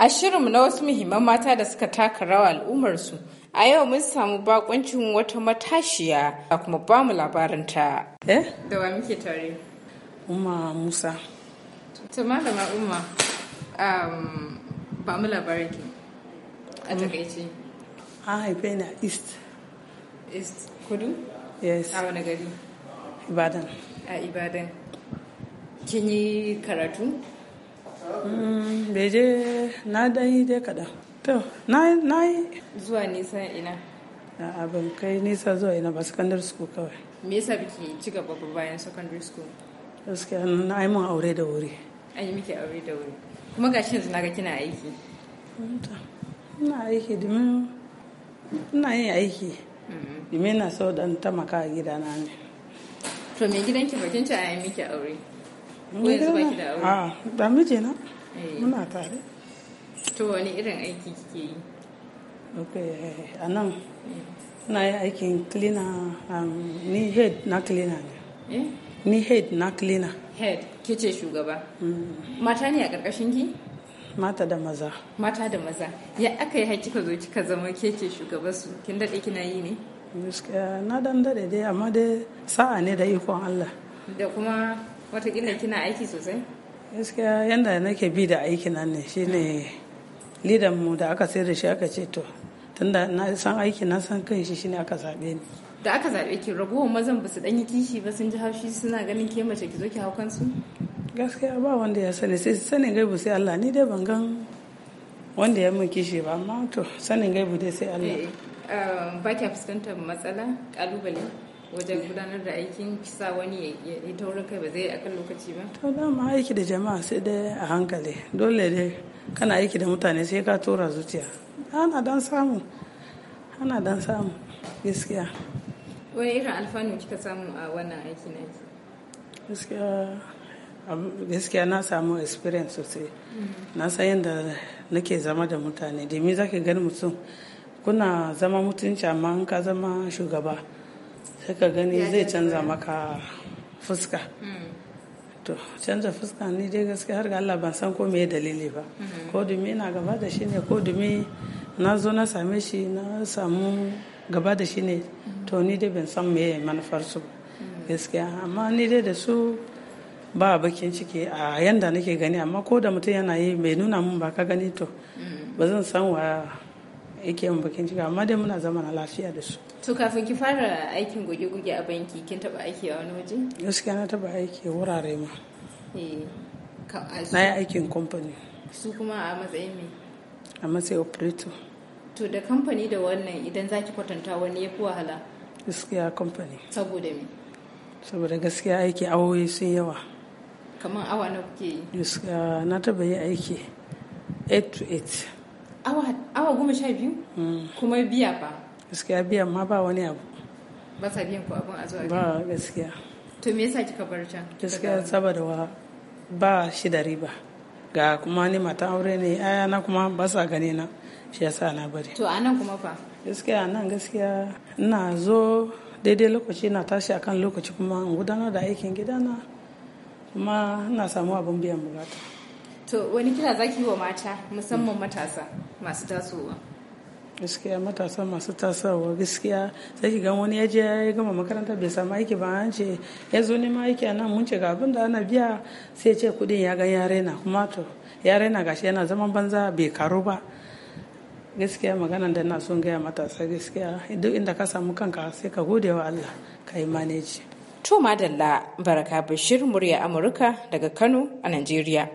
A shirinmu na wasu muhimman mata da suka taka rawa al'ummarsu, a yau mun samu bakoncin wata matashiya a kuma ba mu labarinta. Eh? Da wa muke tare? Umma Musa. Ta malama Umma, um, ba mu labarin ki a mm. takaice. An haife na a East. East Kudu? Yes. A wani gari? Ibadan. A Ibadan. Kin yi karatu? Mm, beje na dan yi dai kaɗan to na yi zuwa nisa ina a ban kai nisa zuwa ina ba secondary school kawai me yasa biki ci gaba ba bayan secondary school gaskiya na yi mun aure da wuri an yi miki aure da wuri kuma gashi yanzu na ga kina aiki mm, ina aiki domin ina yin aiki mm-hmm. domin na so dan tamaka a gidana ne to me gidanki kin ci a yi miki aure ko yanzu baki da aure a ah, da miji na eh. muna tare to wani irin aiki kike yi Ok, eh, a nan eh. na yi aikin cleaner um, ni head na cleaner ne ni head na cleaner head ke ce shugaba mm. mata ne a ƙarƙashin ki mata da maza mata da maza ya aka yi har kika zo kika zama ke ce shugaban su kin daɗe kina yi ne na dan dade dai amma dai sa'a ne da ikon Allah da kuma watakila kina aiki sosai gaskiya yadda nake bi da aiki nan ne shine lidan mu da aka sayar da shi aka ce to tunda na san aiki na san kan shi shine aka zaɓe ni da aka zaɓe ki ragowar mazan ba su yi kishi ba sun ji haushi suna ganin ke mace ki zo ki hau kansu gaskiya ba wanda ya sani sai sanin gaibu sai Allah ni dai ban gan wanda ya mun kishi ba amma to sanin gaibu dai sai Allah eh, eh, ba kya fuskantar matsala kalubale wajen gudanar da aikin kisa wani ya yi taurin kai ba zai yi akan lokaci ba? To dama aiki da jama'a sai dai a hankali dole dai kana aiki da mutane sai ka tura zuciya ana dan samu ana dan samu gaskiya. Wani irin alfanu kika samu a wannan aiki na Gaskiya gaskiya na samu experience sosai mm. na san yadda nake zama da mutane domin zaki gani mutum kuna zama mutunci amma ka zama shugaba ka gani zai canza maka fuska hmm. to canza fuska ni dai gaske har ga Allah ban san ko me dalili ba hmm. ko dumi na gaba da shi ne ko dumi na zo na same shi na samu gaba da shi ne hmm. to ni dai ban san me manufar su gaskiya amma ni dai da su ba bakin ciki a yanda nake gani amma ko da mutum yana yi mai nuna mun ba ka gani to ba zan san wa yake yin bakin ciki amma dai muna zama na lafiya da su to kafin ki fara aikin goge-goge a banki kin taba aiki a wani waje gaskiya na taba aiki wurare ma eh, na yi aikin kamfani su kuma a matsayin me a matsayin operator to da kamfani da wannan idan za ki kwatanta wani ya fi wahala gaskiya kamfani saboda me saboda gaskiya aiki awoyi sun yawa kamar awa na kuke yi gaskiya na taba yi aiki 8 to 8 awa goma sha biyu hmm. kuma biya fa gaskiya biya ma ba wani abu ba sa biyan ku abin a zuwa ba gaskiya to me yasa kika bar can gaskiya saboda wa ba shi da riba ga kuma ni mata aure ne aya na kuma ba sa gane na shi yasa na bari to anan kuma fa gaskiya nan gaskiya ina zo daidai lokaci na tashi akan lokaci kuma in gudanar da aikin gidana kuma ina samu abin biyan bukata To wani kira za ki yi wa mata musamman matasa masu tasowa? gaskiya matasa masu tasawa gaskiya sai ki ga wani ya je ya gama makaranta bai samu aiki ba an ce ya zo neman aiki a nan mun ce ga abin da ana biya sai ce kudin ya ga ya raina kuma to ya raina gashi yana zaman banza bai karu ba gaskiya magana da na son gaya matasa gaskiya duk inda ka samu kanka sai ka gode wa Allah ka yi maneji. To madalla Baraka Bashir murya Amurka daga Kano a Najeriya.